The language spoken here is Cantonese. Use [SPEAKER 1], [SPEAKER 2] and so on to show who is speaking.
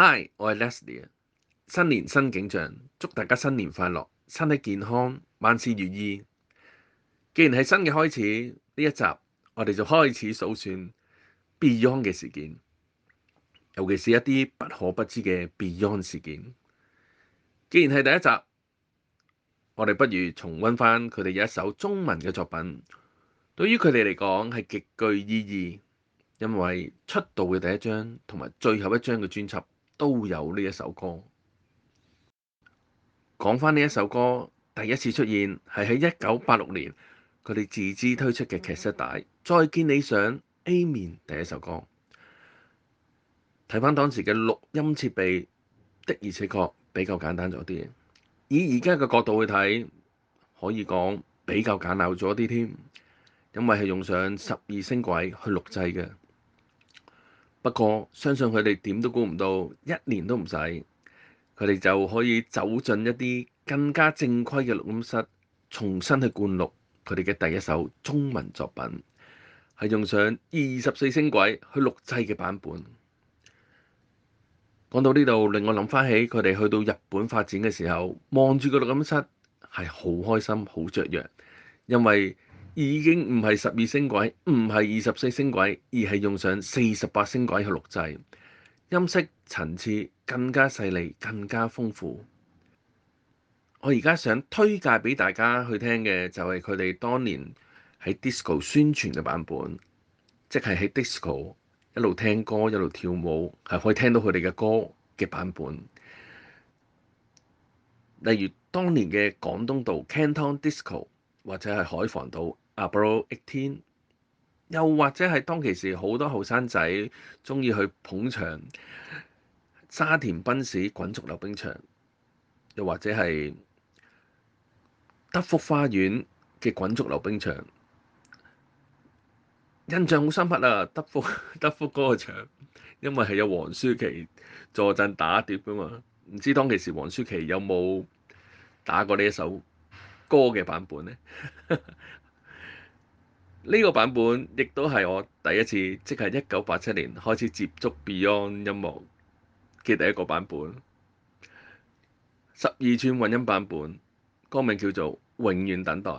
[SPEAKER 1] Hi，我係 Leslie。新年新景象，祝大家新年快樂，身體健康，萬事如意。既然係新嘅開始，呢一集我哋就開始數算 Beyond 嘅事件，尤其是一啲不可不知嘅 Beyond 事件。既然係第一集，我哋不如重溫返佢哋有一首中文嘅作品，對於佢哋嚟講係極具意義，因為出道嘅第一張同埋最後一張嘅專輯。都有呢一首歌。講返呢一首歌，第一次出現係喺一九八六年，佢哋自資推出嘅卡式帶《再見理想》A 面第一首歌。睇返當時嘅錄音設備，的而且確比較簡單咗啲。以而家嘅角度去睇，可以講比較簡陋咗啲添，因為係用上十二聲軌去錄製嘅。不過，相信佢哋點都估唔到，一年都唔使，佢哋就可以走進一啲更加正規嘅錄音室，重新去灌錄佢哋嘅第一首中文作品，係用上二十四聲軌去錄製嘅版本。講到呢度，令我諗翻起佢哋去到日本發展嘅時候，望住個錄音室係好開心、好雀躍，因為已經唔係十二聲軌，唔係二十四聲軌，而係用上四十八聲軌去錄製，音色層次更加細膩，更加豐富。我而家想推介俾大家去聽嘅，就係佢哋當年喺 Disco 宣傳嘅版本，即係喺 Disco 一路聽歌一路跳舞，係可以聽到佢哋嘅歌嘅版本。例如當年嘅廣東道 Canton Disco，或者係海防道。啊，又或者係當其時好多後生仔中意去捧場沙田賓士滾軸溜冰場，又或者係德福花園嘅滾軸溜冰場，印象好深刻啊！德福、德福嗰個場，因為係有黃舒淇坐陣打碟啊嘛，唔知當其時黃舒淇有冇打過呢一首歌嘅版本呢？ 呢個版本亦都係我第一次，即係一九八七年開始接觸 Beyond 音樂嘅第一個版本，十二寸混音版本，歌名叫做《永遠等待》。